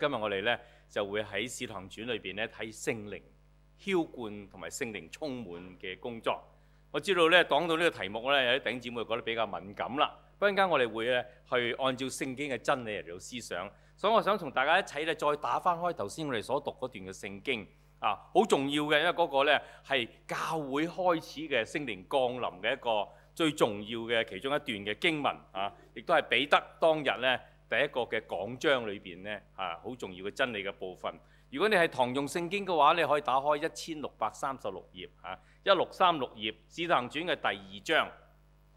今日我哋咧就會喺《使徒行傳》裏邊咧睇聖靈澆灌同埋聖靈充滿嘅工作。我知道咧講到呢個題目咧，有啲頂姊妹覺得比較敏感啦。一陣間我哋會咧去按照聖經嘅真理嚟做思想，所以我想同大家一齊咧再打翻開頭先我哋所讀嗰段嘅聖經啊，好重要嘅，因為嗰個咧係教會開始嘅聖靈降臨嘅一個最重要嘅其中一段嘅經文啊，亦都係彼得當日咧。第一個嘅講章裏邊呢，嚇好重要嘅真理嘅部分。如果你係堂用聖經嘅話，你可以打開一千六百三十六頁，嚇一六三六頁《使徒行傳》嘅第二章，《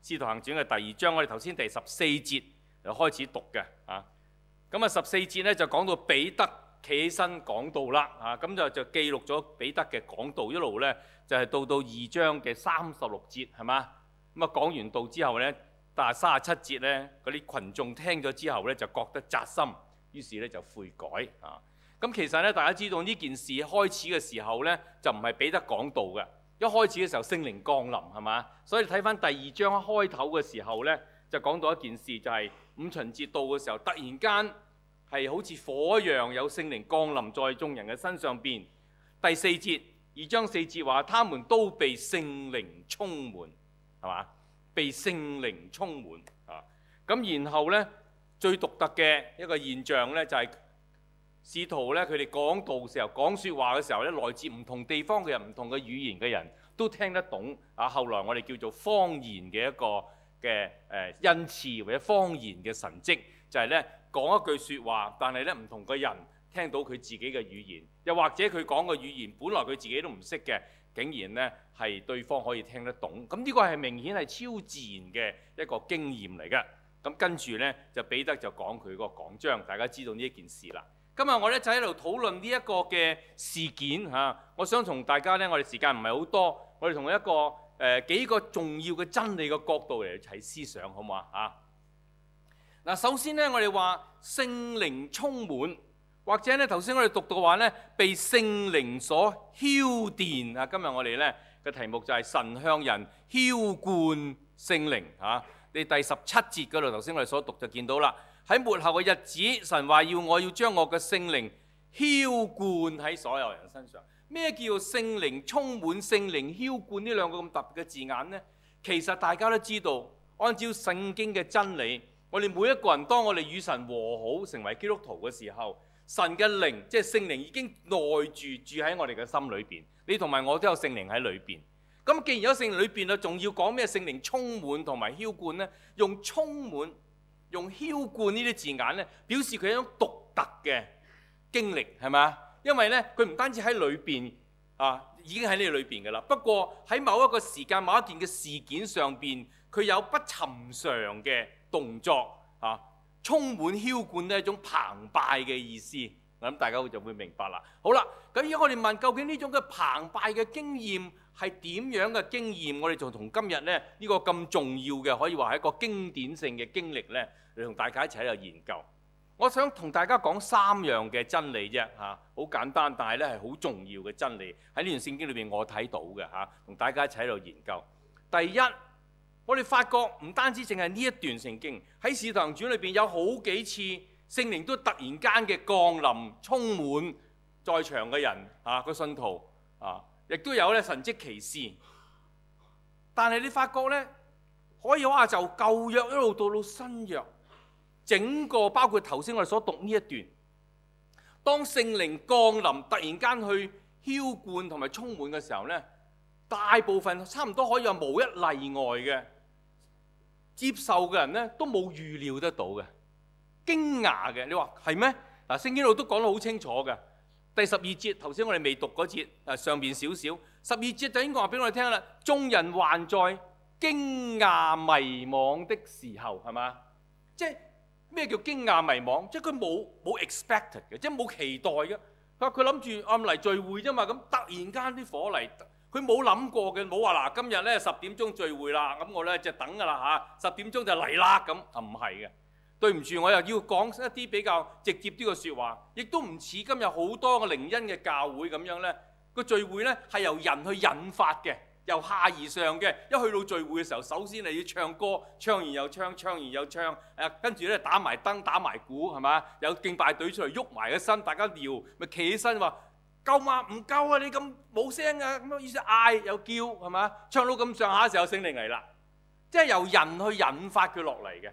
使徒行傳》嘅第二章，我哋頭先第十四節就開始讀嘅，嚇。咁啊，十四節呢，就講到彼得企起身講道啦，嚇，咁就就記錄咗彼得嘅講道一路呢，就係到到二章嘅三十六節，係嘛？咁啊，講完道之後呢。但係三十七節呢，嗰啲群眾聽咗之後呢，就覺得扎心，於是呢，就悔改啊。咁其實呢，大家知道呢件事開始嘅時候呢，就唔係彼得講道嘅，一開始嘅時候聖靈降臨係嘛，所以睇翻第二章開頭嘅時候呢，就講到一件事，就係五旬節到嘅時候，突然間係好似火一樣有聖靈降臨在眾人嘅身上邊。第四節二章四節話，他們都被聖靈充滿係嘛？被聖靈充滿啊！咁然後呢，最獨特嘅一個現象呢，就係使徒呢，佢哋講道時候講說話嘅時候呢，來自唔同地方嘅人，唔同嘅語言嘅人都聽得懂啊！後來我哋叫做方言嘅一個嘅誒恩賜或者方言嘅神蹟，就係呢講一句說話，但係呢，唔同嘅人聽到佢自己嘅語言，又或者佢講嘅語言本來佢自己都唔識嘅。竟然咧係對方可以聽得懂，咁呢個係明顯係超自然嘅一個經驗嚟嘅。咁跟住呢，就彼得就講佢嗰個講章，大家知道呢一件事啦。今日我咧就喺度討論呢一個嘅事件嚇，我想同大家呢，我哋時間唔係好多，我哋同一個誒、呃、幾個重要嘅真理嘅角度嚟一齊思想，好唔好啊？啊，嗱，首先呢，我哋話聖靈充滿。或者咧，頭先我哋讀到話咧，被聖靈所澆奠啊！今日我哋咧嘅題目就係神向人澆灌聖靈啊。你第十七節嗰度，頭先我哋所讀就見到啦。喺末後嘅日子，神話要我要將我嘅聖靈澆灌喺所有人身上。咩叫聖靈充滿、聖靈澆灌呢兩個咁特別嘅字眼咧？其實大家都知道，按照聖經嘅真理，我哋每一個人當我哋與神和好，成為基督徒嘅時候，神嘅靈，即係聖靈已經內住住喺我哋嘅心裏邊。你同埋我都有聖靈喺裏邊。咁既然有聖靈喺裏邊啦，仲要講咩聖靈充滿同埋澆灌咧？用充滿、用澆灌呢啲字眼咧，表示佢係一種獨特嘅經歷，係咪啊？因為咧，佢唔單止喺裏邊啊，已經喺呢裏邊噶啦。不過喺某一個時間、某一件嘅事件上邊，佢有不尋常嘅動作啊。充滿澆灌呢一種澎湃嘅意思，我諗大家就會明白啦。好啦，咁如果我哋問究竟呢種嘅澎湃嘅經驗係點樣嘅經驗？我哋就同今日咧呢個咁重要嘅、可以話係一個經典性嘅經歷呢，嚟同大家一齊喺度研究。我想同大家講三樣嘅真理啫嚇，好簡單，但係呢係好重要嘅真理，喺呢段聖經裏邊我睇到嘅嚇，同大家一齊喺度研究。第一。我哋發覺唔單止淨係呢一段聖經，喺《使徒行傳》裏邊有好幾次聖靈都突然間嘅降臨充滿在場嘅人啊、個信徒啊，亦都有咧神蹟奇事。但係你發覺咧，可以話就舊約一路到到新約，整個包括頭先我哋所讀呢一段，當聖靈降臨突然間去澆灌同埋充滿嘅時候咧，大部分差唔多可以話無一例外嘅。接受嘅人咧都冇預料得到嘅，驚訝嘅。你話係咩？嗱，《聖經路》都講得好清楚嘅。第十二節，頭先我哋未讀嗰節，誒上邊少少。十二節就已經話俾我哋聽啦。眾人還在驚訝迷惘的時候，係嘛？即係咩叫驚訝迷惘？即係佢冇冇 expect 嘅，沒 expected, 即係冇期待嘅。佢話佢諗住暗嚟聚會啫嘛，咁突然間啲火嚟。佢冇諗過嘅，冇話嗱，今日咧十點鐘聚會啦，咁我咧就等㗎啦吓，十點鐘就嚟啦咁，啊唔係嘅。對唔住，我又要講一啲比較直接啲嘅説話，亦都唔似今日好多嘅靈恩嘅教會咁樣咧，個聚會咧係由人去引發嘅，由下而上嘅。一去到聚會嘅時候，首先係要唱歌，唱完又唱，唱完又唱，誒跟住咧打埋燈，打埋鼓，係嘛，有敬拜隊出嚟喐埋個身，大家聊。咪企起身話。夠嘛？唔夠啊！你咁冇聲啊，咁樣意思嗌又叫係嘛？唱到咁上下嘅時候，聖靈嚟啦，即係由人去引發佢落嚟嘅，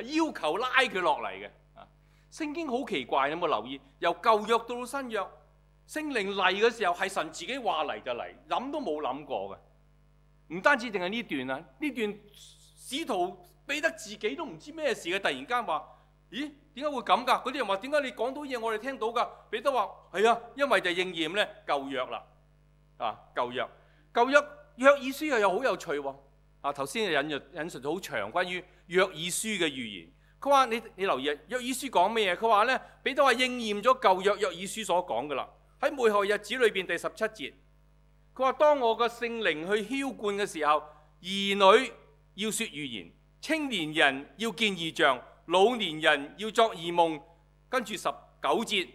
要求拉佢落嚟嘅。啊，聖經好奇怪，有冇留意？由舊約到到新約，聖靈嚟嘅時候係神自己話嚟就嚟，諗都冇諗過嘅。唔單止淨係呢段啊，呢段使徒彼得自己都唔知咩事嘅，突然間話：咦？點解會咁噶？嗰啲人話點解你講到嘢我哋聽到噶？彼得話係啊，因為就應驗咧舊約啦，啊舊約舊約，約珥書又又好有趣喎。啊頭先引引述咗好長關於約珥書嘅預言。佢話你你留意啊，約珥書講咩嘢？佢話咧，彼得話應驗咗舊約約珥書所講嘅啦。喺末後日子裏邊第十七節，佢話當我嘅聖靈去澆灌嘅時候，兒女要說預言，青年人要見異象。老年人要作異夢，跟住十九節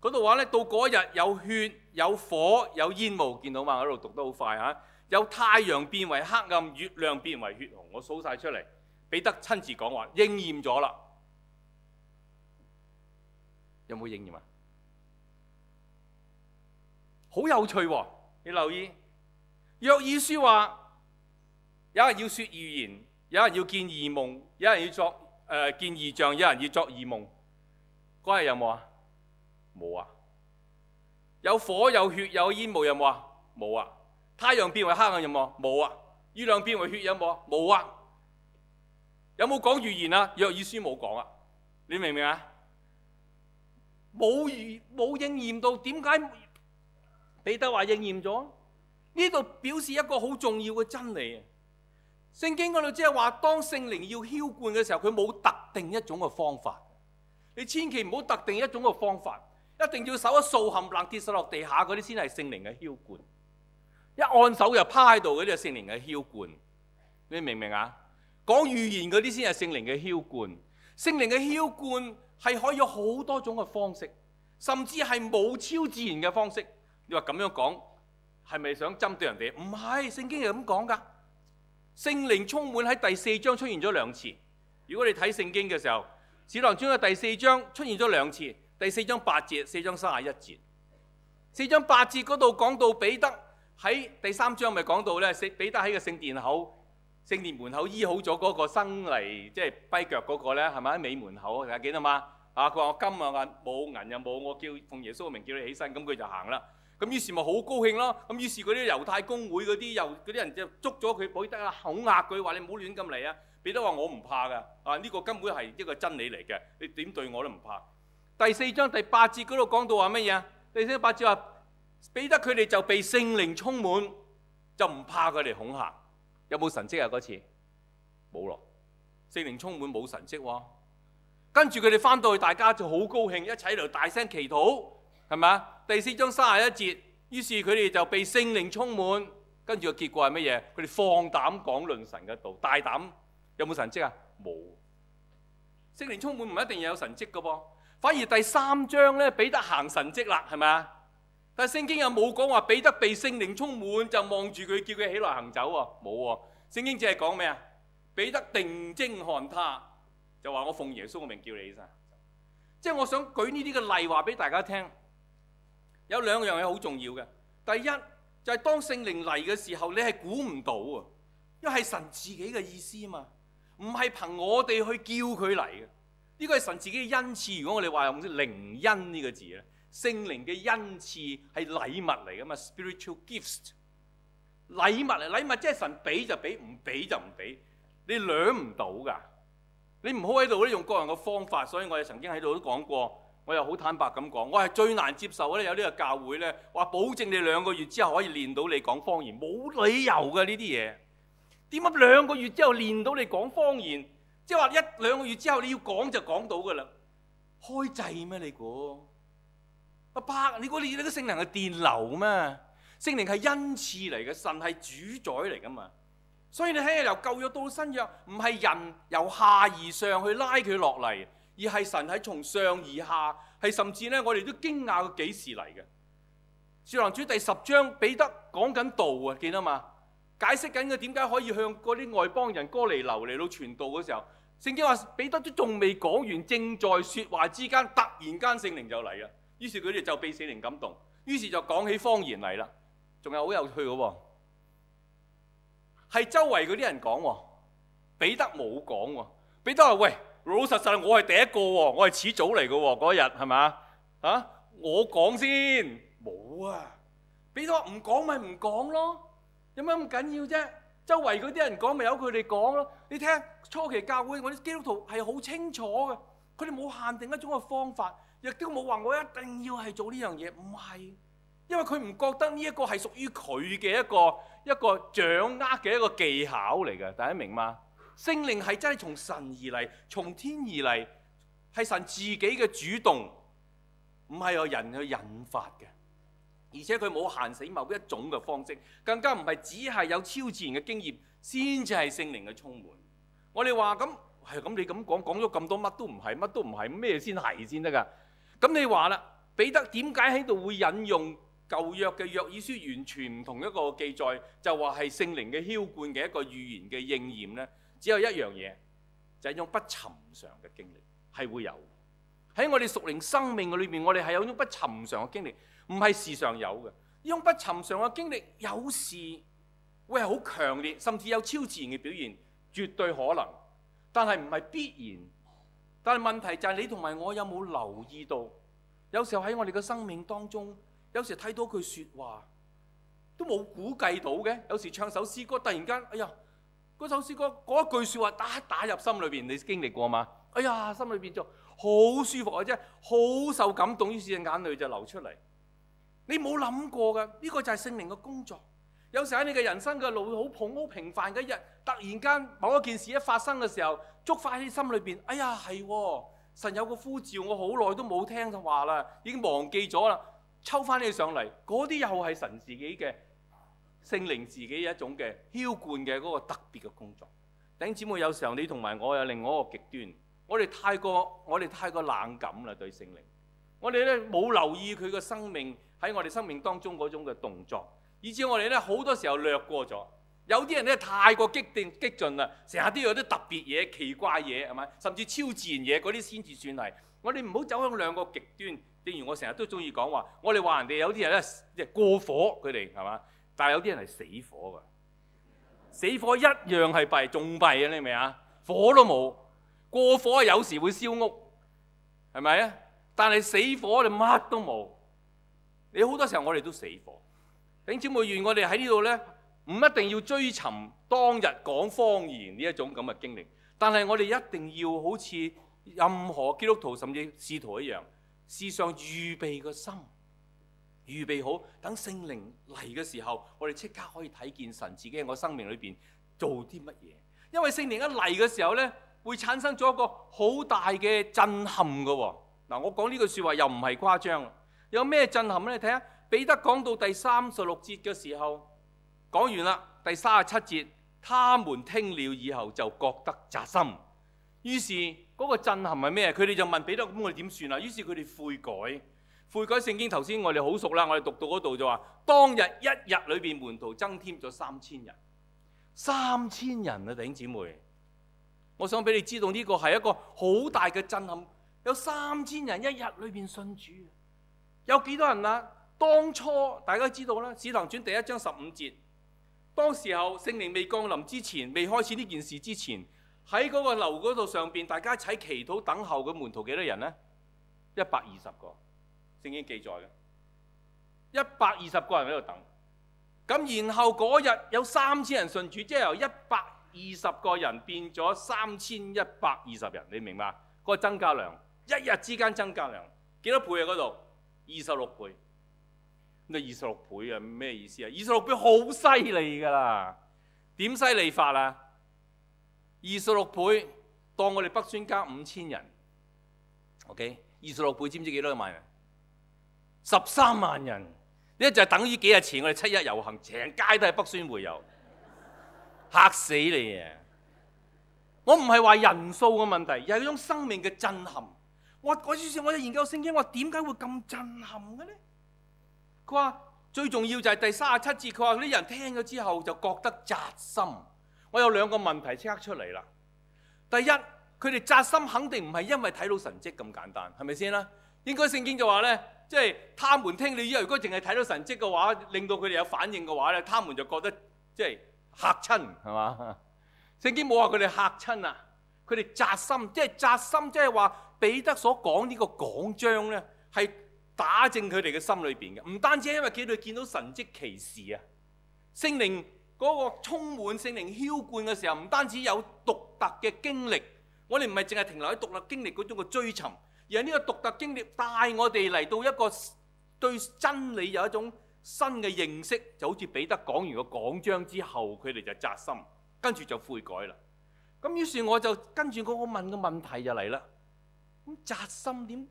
嗰度話呢，到嗰一日有血、有火、有煙霧，見到嘛？嗰度讀得好快嚇、啊，有太陽變為黑暗，月亮變為血紅。我數晒出嚟，彼得親自講話，應驗咗啦。有冇應驗啊？好有趣喎、哦！你留意約珥書話，有人要說預言，有人要見異夢，有人要作。誒、呃、見異象，有人要作異夢，嗰日有冇啊？冇啊！有火、有血、有煙霧有冇啊？冇啊！太陽變為黑暗有冇啊？冇啊！月亮變為血有冇啊？冇啊！有冇講預言啊？約珥書冇講啊！你明唔明啊？冇預冇應驗到，點解彼得話應驗咗？呢度表示一個好重要嘅真理。聖經嗰度即係話，當聖靈要澆灌嘅時候，佢冇特定一種嘅方法。你千祈唔好特定一種嘅方法，一定要手一掃冚唪唥跌曬落地下嗰啲先係聖靈嘅澆灌。一按手又趴喺度嗰啲係聖靈嘅澆灌。你明唔明啊？講預言嗰啲先係聖靈嘅澆灌。聖靈嘅澆灌係可以有好多種嘅方式，甚至係冇超自然嘅方式。你話咁樣講係咪想針對人哋？唔係，聖經係咁講噶。聖靈充滿喺第四章出現咗兩次。如果你睇聖經嘅時候，《小郎中嘅第四章出現咗兩次。第四章八節，四章三十一節，四章八節嗰度講到彼得喺第三章咪講到咧，彼得喺個聖殿口、聖殿門口醫好咗嗰個生嚟即係跛腳嗰個咧，係咪喺美門口，大家記得嘛？啊，佢話我今日啊冇銀又冇，我叫奉耶穌嘅名叫你起身，咁佢就行啦。咁於是咪好高興咯？咁於是嗰啲猶太公會嗰啲又啲人就捉咗佢彼得啦，恐嚇佢話你唔好亂咁嚟啊！彼得話我唔怕㗎，啊呢個根本係一個真理嚟嘅，你點對我都唔怕。第四章第八節嗰度講到話乜嘢啊？第四章八節話彼得佢哋就被聖靈充滿，就唔怕佢哋恐嚇。有冇神跡啊？嗰次冇咯，聖靈充滿冇神跡喎、啊。跟住佢哋返到去，大家就好高興，一齊嚟大聲祈禱，係咪啊？第四章三十一節，於是佢哋就被聖靈充滿，跟住個結果係乜嘢？佢哋放膽講論神嘅道，大膽有冇神跡啊？冇。聖靈充滿唔一定要有神跡嘅噃，反而第三章咧，彼得行神跡啦，係咪啊？但係聖經又冇講話彼得被聖靈充滿就望住佢叫佢起來行走喎，冇喎，啊。聖經只係講咩啊？彼得定睛看他，就話：我奉耶穌嘅名叫你起身。即係我想舉呢啲嘅例話俾大家聽。有兩樣嘢好重要嘅，第一就係當聖靈嚟嘅時候，你係估唔到啊，因為係神自己嘅意思啊嘛，唔係憑我哋去叫佢嚟嘅。呢個係神自己嘅恩賜，如果我哋話用靈恩呢個字咧，聖靈嘅恩賜係禮物嚟噶嘛，spiritual gifts 禮物嚟，禮物即係神俾就俾，唔俾就唔俾，你量唔到噶。你唔好喺度用個人嘅方法，所以我哋曾經喺度都講過。我又好坦白咁講，我係最難接受咧，有呢個教會咧話保證你兩個月之後可以練到你講方言，冇理由嘅呢啲嘢。點解兩個月之後練到你講方言？即係話一兩個月之後你要講就講到㗎啦。開掣咩？你估？阿伯？你估你呢啲聖靈係電流咩？聖靈係恩賜嚟嘅，神係主宰嚟㗎嘛。所以你睇下由舊約到新約，唔係人由下而上去拉佢落嚟。而係神喺從上而下，係甚至咧，我哋都驚訝佢幾時嚟嘅。《使徒行傳》第十章，彼得講緊道啊，記得嘛？解釋緊佢點解可以向嗰啲外邦人哥尼流嚟到傳道嘅時候，聖經話彼得都仲未講完，正在説話之間，突然間聖靈就嚟啦。於是佢哋就被聖靈感動，於是就講起方言嚟啦。仲係好有趣嘅喎、啊，係周圍嗰啲人講喎，彼得冇講喎，彼得話喂。老老實實，我係第一個喎，我係始祖嚟嘅喎，嗰日係咪？嚇，我講先。冇啊，邊個唔講咪唔講咯？有咩咁緊要啫？周圍嗰啲人講咪由佢哋講咯。你聽初期教會我啲基督徒係好清楚嘅，佢哋冇限定一種嘅方法，亦都冇話我一定要係做呢樣嘢。唔係，因為佢唔覺得呢一個係屬於佢嘅一個一個掌握嘅一個技巧嚟嘅。大家明嘛？聖靈係真係從神而嚟，從天而嚟，係神自己嘅主動，唔係有人去引發嘅。而且佢冇限死某一種嘅方式，更加唔係只係有超自然嘅經驗先至係聖靈嘅充滿。我哋話咁係咁，你咁講講咗咁多，乜都唔係，乜都唔係，咩先係先得㗎？咁你話啦，彼得點解喺度會引用舊約嘅約珥書完全唔同一個記載，就話係聖靈嘅澆灌嘅一個預言嘅應驗咧？只有一樣嘢，就係、是、一種不尋常嘅經歷，係會有喺我哋屬靈生命嘅裏面，我哋係有一種不尋常嘅經歷，唔係時常有嘅。呢種不尋常嘅經歷有時會係好強烈，甚至有超自然嘅表現，絕對可能，但係唔係必然。但係問題就係你同埋我有冇留意到？有時候喺我哋嘅生命當中，有時睇到句説話都冇估計到嘅，有時唱首詩歌，突然間，哎呀！嗰首詩歌嗰一句説話打打入心裏邊，你經歷過嗎？哎呀，心裏邊就好舒服嘅啫，好受感動，於是隻眼淚就流出嚟。你冇諗過㗎，呢個就係聖靈嘅工作。有時喺你嘅人生嘅路好蓬、好平凡嘅一日，突然間某一件事一發生嘅時候，觸發喺你心裏邊。哎呀，係喎，神有個呼召，我好耐都冇聽就話啦，已經忘記咗啦，抽翻你上嚟，嗰啲又係神自己嘅。聖靈自己一種嘅澆灌嘅嗰個特別嘅工作，頂姊妹，有時候你同埋我有另外一個極端，我哋太過我哋太過冷感啦對聖靈，我哋咧冇留意佢嘅生命喺我哋生命當中嗰種嘅動作，以至我哋咧好多時候略過咗。有啲人咧太過激癲激進啦，成日都有啲特別嘢、奇怪嘢係咪？甚至超自然嘢嗰啲先至算係。我哋唔好走向兩個極端，正如我成日都中意講話，我哋話人哋有啲人咧即係過火，佢哋係嘛？但係有啲人係死火㗎，死火一樣係弊，仲弊啊！你明未啊？火都冇，過火有時會燒屋，係咪啊？但係死火你乜都冇，你好多時候我哋都死火。請招募員，我哋喺呢度咧，唔一定要追尋當日講方言呢一種咁嘅經歷，但係我哋一定要好似任何基督徒甚至使徒一樣，事上預備嘅心。預備好，等聖靈嚟嘅時候，我哋即刻可以睇見神自己喺我生命裏邊做啲乜嘢。因為聖靈一嚟嘅時候呢，會產生咗一個好大嘅震撼嘅喎。嗱，我講呢句説話又唔係誇張。有咩震撼呢？你睇下，彼得講到第三十六節嘅時候，講完啦，第三十七節，他們聽了以後就覺得扎心。於是嗰個震撼係咩？佢哋就問彼得：咁我點算啊？於是佢哋悔改。悔改，聖經頭先，我哋好熟啦。我哋讀到嗰度就話：當日一日裏邊，門徒增添咗三千人。三千人啊，弟兄姊妹，我想俾你知道呢個係一個好大嘅震撼。有三千人一日裏邊信主，有幾多人啊？當初大家知道啦，《使徒行傳》第一章十五節，當時候聖靈未降臨之前，未開始呢件事之前，喺嗰個樓嗰度上邊，大家一齊祈禱等候嘅門徒幾多人呢？一百二十個。聖經記載嘅一百二十個人喺度等，咁然後嗰日有三千人信主，即係由一百二十個人變咗三千一百二十人，你明白？個增加量一日之間增加量幾多倍啊？嗰度二十六倍，你二十六倍啊咩意思啊？二十六倍好犀利㗎啦，點犀利法啊？二十六倍當我哋北宣加五千人，OK？二十六倍知唔知幾多萬人？Okay? 十三萬人呢，就等於幾日前我哋七一遊行，成街都係北宣會遊，嚇死你啊！我唔係話人數嘅問題，而係一種生命嘅震撼。我我我就研究聖經，我點解會咁震撼嘅咧？佢話最重要就係第三十七節，佢話嗰啲人聽咗之後就覺得扎心。我有兩個問題即刻出嚟啦。第一，佢哋扎心肯定唔係因為睇到神跡咁簡單，係咪先啦？應該聖經就話咧。即係他們聽你之後，如果淨係睇到神跡嘅話，令到佢哋有反應嘅話咧，他們就覺得即係、就是、嚇親係嘛？聖經冇話佢哋嚇親啊，佢哋扎心，即係扎心，即係話彼得所講呢個講章咧，係打正佢哋嘅心裏邊嘅。唔單止係因為佢哋見到神跡奇事啊，聖靈嗰個充滿聖靈澆灌嘅時候，唔單止有獨特嘅經歷，我哋唔係淨係停留喺獨立經歷嗰種嘅追尋。而呢個獨特經歷帶我哋嚟到一個對真理有一種新嘅認識，就好似彼得講完個講章之後，佢哋就扎心，跟住就悔改啦。咁於是我就跟住個我問嘅問題就嚟啦。咁扎心點？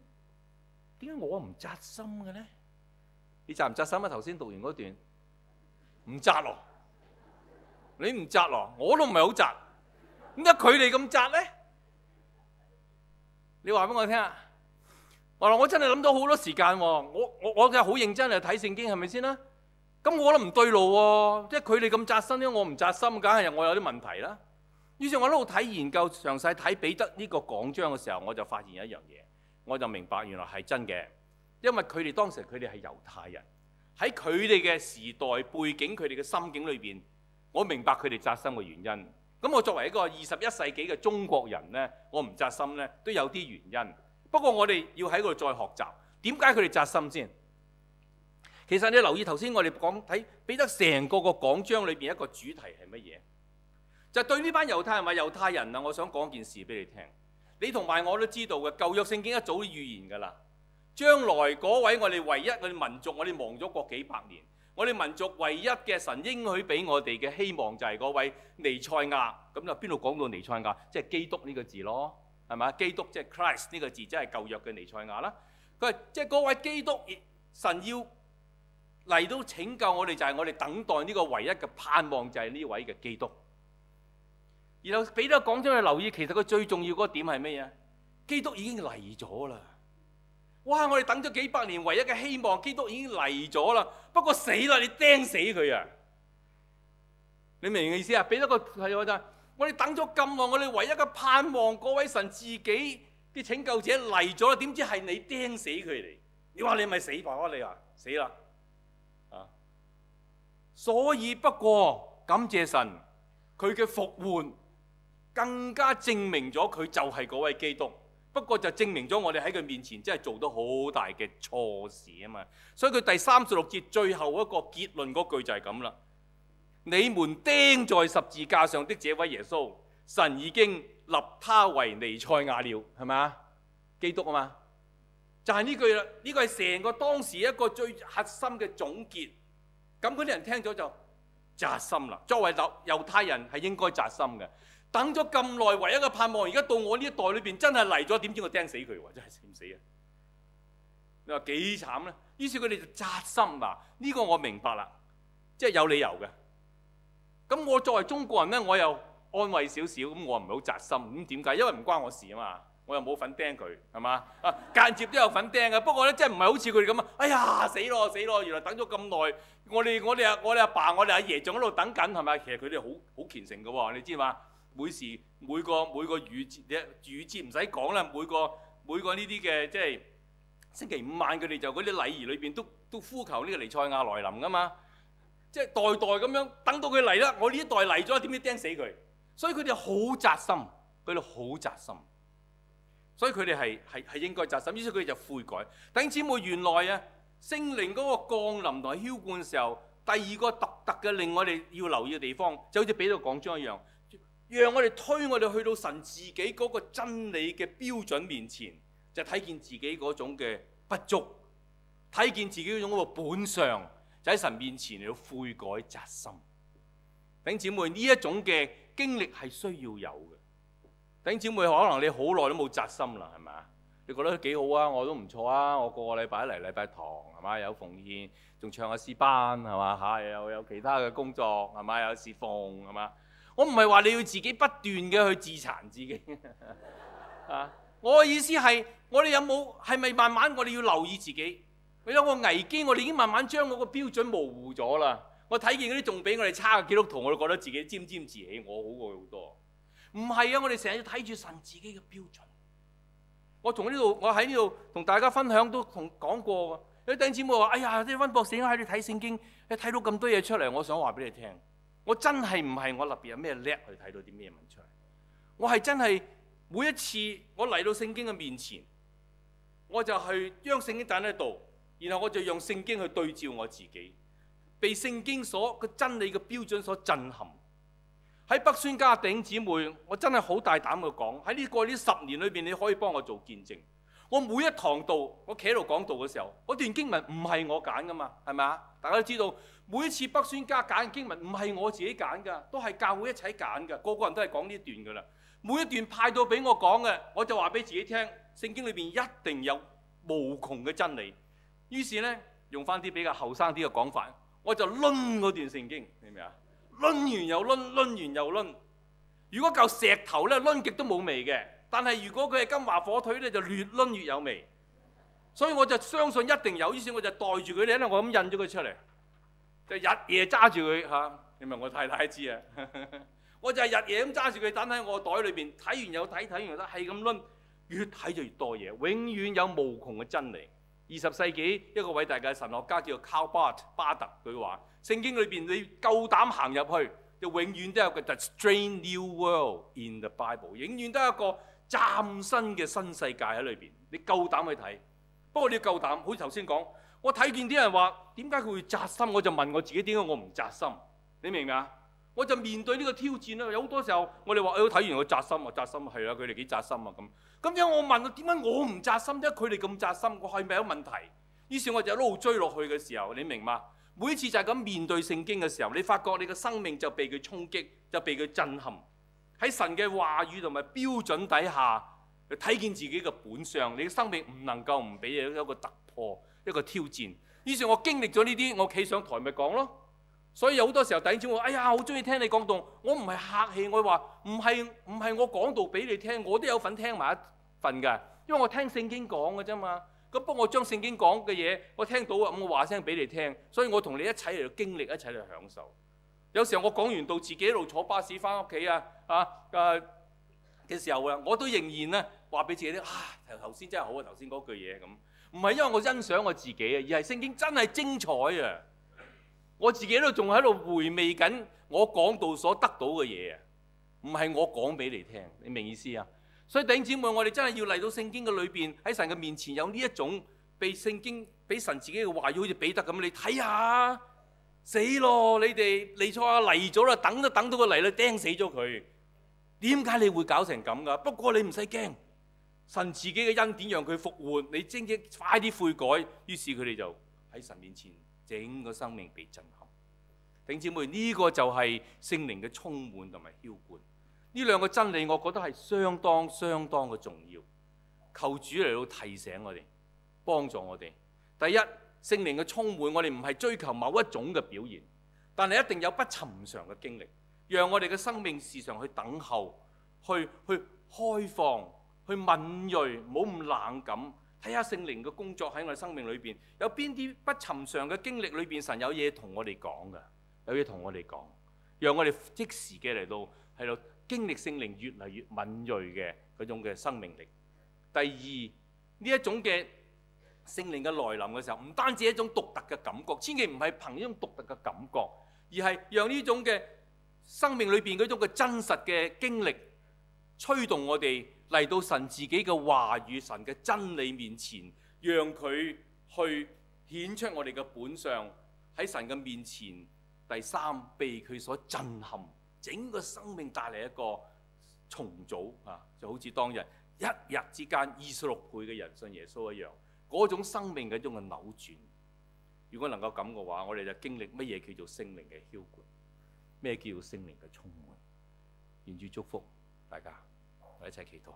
點解我唔扎心嘅咧？你扎唔扎心啊？頭先讀完嗰段，唔扎咯。你唔扎咯？我都唔係好扎。點解佢哋咁扎咧？你話俾我聽啊！我真係諗到好多時間喎，我我我就好認真嚟睇聖經，係咪先啦？咁我覺得唔對路喎，即係佢哋咁扎心，因為我唔扎心，梗係我有啲問題啦。於是我都喺度睇研究，詳細睇彼得呢個講章嘅時候，我就發現一樣嘢，我就明白原來係真嘅。因為佢哋當時佢哋係猶太人，喺佢哋嘅時代背景、佢哋嘅心境裏邊，我明白佢哋扎心嘅原因。咁我作為一個二十一世紀嘅中國人呢，我唔扎心呢，都有啲原因。不過我哋要喺嗰度再學習，點解佢哋扎心先？其實你留意頭先我哋講睇彼得成個個講章裏邊一個主題係乜嘢？就對呢班猶太人話猶太人啊，我想講件事俾你聽。你同埋我都知道嘅舊約聖經一早預言㗎啦。將來嗰位我哋唯一，我哋民族，我哋亡咗過幾百年，我哋民族唯一嘅神應許俾我哋嘅希望就係嗰位彌賽亞。咁就邊度講到彌賽亞？即係基督呢個字咯。係嘛？基督即係、就是、Christ 呢個字，真即係舊約嘅尼賽亞啦。佢即係嗰位基督，神要嚟到拯救我哋，就係、是、我哋等待呢個唯一嘅盼望，就係、是、呢位嘅基督。然後俾咗廣州去留意，其實佢最重要個點係咩嘢？基督已經嚟咗啦！哇！我哋等咗幾百年，唯一嘅希望，基督已經嚟咗啦。不過死啦，你釘死佢啊！你明唔明嘅意思啊？俾咗個係我哋。我哋等咗咁耐，我哋唯一嘅盼望，嗰位神自己嘅拯救者嚟咗，點知係你釘死佢嚟？你話你咪死吧？你話死啦！所以不過感謝神，佢嘅復活更加證明咗佢就係嗰位基督。不過就證明咗我哋喺佢面前真係做到好大嘅錯事啊嘛。所以佢第三十六節最後一個結論嗰句就係咁啦。你們釘在十字架上的這位耶穌，神已經立他為彌賽亞了，係咪啊？基督啊嘛，就係、是、呢句啦。呢、這個係成個當時一個最核心嘅總結。咁嗰啲人聽咗就扎心啦。作為猶猶太人係應該扎心嘅。等咗咁耐，唯一嘅盼望而家到我呢一代裏邊真係嚟咗，點知我釘死佢喎？真係死唔死啊？你話幾慘咧？於是佢哋就扎心啦。呢、這個我明白啦，即係有理由嘅。咁我作為中國人咧，我又安慰少少，咁我唔係好扎心。咁點解？因為唔關我事啊嘛，我又冇份釘佢，係嘛？間 接都有份釘嘅。不過咧，即係唔係好似佢哋咁啊？哎呀，死咯死咯！原來等咗咁耐，我哋我哋阿我哋阿爸我哋阿爺仲喺度等緊，係咪？其實佢哋好好虔誠嘅喎。你知嘛？每時每個每個雨節雨節唔使講啦，每個每個呢啲嘅即係星期五晚，佢哋就嗰啲禮儀裏邊都都呼求呢個彌賽亞來臨㗎嘛。即係代代咁樣等到佢嚟啦，我呢一代嚟咗，點知釘死佢？所以佢哋好扎心，佢哋好扎心。所以佢哋係係係應該扎心，於是佢哋就悔改。弟兄姊妹，原來啊，聖靈嗰個降臨同埋澆灌嘅時候，第二個特特嘅令我哋要留意嘅地方，就好似俾到講章一樣，讓我哋推我哋去到神自己嗰個真理嘅標準面前，就睇見自己嗰種嘅不足，睇見自己嗰種嗰個本相。喺神面前你要悔改扎心，頂姐妹呢一種嘅經歷係需要有嘅。頂姐妹可能你好耐都冇扎心啦，係咪啊？你覺得幾好啊？我都唔錯啊！我個個禮拜一嚟禮拜堂係咪？有奉獻，仲唱下詩班係嘛嚇，又有其他嘅工作係咪？有侍奉，係嘛。我唔係話你要自己不斷嘅去自殘自己啊！ 我嘅意思係，我哋有冇係咪慢慢我哋要留意自己？有個危機，我哋已經慢慢將我個標準模糊咗啦。我睇見嗰啲仲比我哋差嘅基督徒，我都覺得自己沾沾自喜，我好過佢好多。唔係啊，我哋成日要睇住神自己嘅標準。我同呢度，我喺呢度同大家分享都同講過嘅。有啲弟兄姊妹話，哎呀，啲温博士你喺度睇聖經，你睇到咁多嘢出嚟，我想話俾你聽。我真係唔係我特別有咩叻去睇到啲咩嘢出嚟。我係真係每一次我嚟到聖經嘅面前，我就係將聖經站喺度。然後我就用聖經去對照我自己，被聖經所嘅真理嘅標準所震撼。喺北宣家頂姊妹，我真係好大膽去講。喺呢個呢十年裏邊，你可以幫我做見證。我每一堂道，我企喺度講道嘅時候，嗰段經文唔係我揀噶嘛，係咪啊？大家都知道，每一次北宣家揀經文唔係我自己揀噶，都係教會一齊揀噶，個個人都係講呢段噶啦。每一段派到俾我講嘅，我就話俾自己聽，聖經裏邊一定有無窮嘅真理。於是咧，用翻啲比較後生啲嘅講法，我就攣嗰段聖經，明唔明啊？攣完又攣，攣完又攣。如果嚿石頭咧攣極都冇味嘅，但係如果佢係金華火腿咧，就越攣越有味。所以我就相信一定有，於是我就袋住佢咧，我咁印咗佢出嚟，就日夜揸住佢嚇。你問我太太知啊？ 我就係日夜咁揸住佢，等喺我袋裏邊睇完又睇，睇完又睇，係咁攣，越睇就越多嘢，永遠有無窮嘅真理。二十世紀一個偉大嘅神學家叫 Karl Barth 巴特，佢話聖經裏邊你夠膽行入去，就永遠都有個 Strange New World in the Bible，永遠都有一個嶄新嘅新世界喺裏邊。你夠膽去睇，不過你要夠膽。好似頭先講，我睇見啲人話點解佢會扎心，我就問我自己點解我唔扎心，你明唔明啊？我就面對呢個挑戰啦。有好多時候我哋話去睇完我扎,扎,、啊、扎心啊，扎心啊，係啊，佢哋幾扎心啊咁。咁樣我問啊，點解我唔扎心，一佢哋咁扎心，我係咪有問題？於是我就一路追落去嘅時候，你明嘛？每次就係咁面對聖經嘅時候，你發覺你嘅生命就被佢衝擊，就被佢震撼。喺神嘅話語同埋標準底下，睇見自己嘅本相，你嘅生命唔能夠唔俾你一個突破，一個挑戰。於是我歷，我經歷咗呢啲，我企上台咪講咯。所以有好多時候突然，弟兄姊妹我哎呀，好中意聽你講道，我唔係客氣，我話唔係唔係我講道俾你聽，我都有份聽埋。問噶，因為我聽聖經講嘅啫嘛，咁不過我將聖經講嘅嘢，我聽到啊，咁我話聲俾你聽，所以我同你一齊嚟到經歷，一齊嚟享受。有時候我講完到自己一路坐巴士翻屋企啊，啊嘅時候啊，我都仍然咧話俾自己聽啊，頭先真係好啊，頭先嗰句嘢咁，唔係因為我欣賞我自己啊，而係聖經真係精彩啊，我自己都仲喺度回味緊我講到所得到嘅嘢啊，唔係我講俾你聽，你明意思啊？所以頂姐妹，我哋真係要嚟到聖經嘅裏邊，喺神嘅面前有呢一種被聖經、俾神自己嘅話語，好似彼得咁。你睇下，死咯！你哋嚟錯啦，嚟咗啦，等都等到佢嚟啦，釘死咗佢。點解你會搞成咁㗎？不過你唔使驚，神自己嘅恩典讓佢復活。你積極快啲悔改，於是佢哋就喺神面前整個生命被震撼。頂姐妹，呢個就係聖靈嘅充滿同埋澆灌。呢兩個真理，我覺得係相當相當嘅重要。求主嚟到提醒我哋，幫助我哋。第一，聖靈嘅充滿，我哋唔係追求某一種嘅表現，但係一定有不尋常嘅經歷，讓我哋嘅生命時常去等候，去去開放，去敏鋭，冇咁冷感。睇下聖靈嘅工作喺我哋生命裏邊，有邊啲不尋常嘅經歷裏邊，神有嘢同我哋講㗎，有嘢同我哋講，讓我哋即時嘅嚟到喺度。經歷聖靈越嚟越敏鋭嘅嗰種嘅生命力。第二，呢一種嘅聖靈嘅來臨嘅時候，唔單止係一種獨特嘅感覺，千祈唔係憑呢種獨特嘅感覺，而係讓呢種嘅生命裏邊嗰種嘅真實嘅經歷，催動我哋嚟到神自己嘅話語、神嘅真理面前，讓佢去顯出我哋嘅本相，喺神嘅面前。第三，被佢所震撼。整個生命帶嚟一個重組啊，就好似當日一日之間二十六倍嘅人信耶穌一樣，嗰種生命嘅一種嘅扭轉。如果能夠咁嘅話，我哋就經歷乜嘢叫做聖靈嘅澆灌，咩叫做聖靈嘅充滿？願主祝福大家，我一齊祈禱。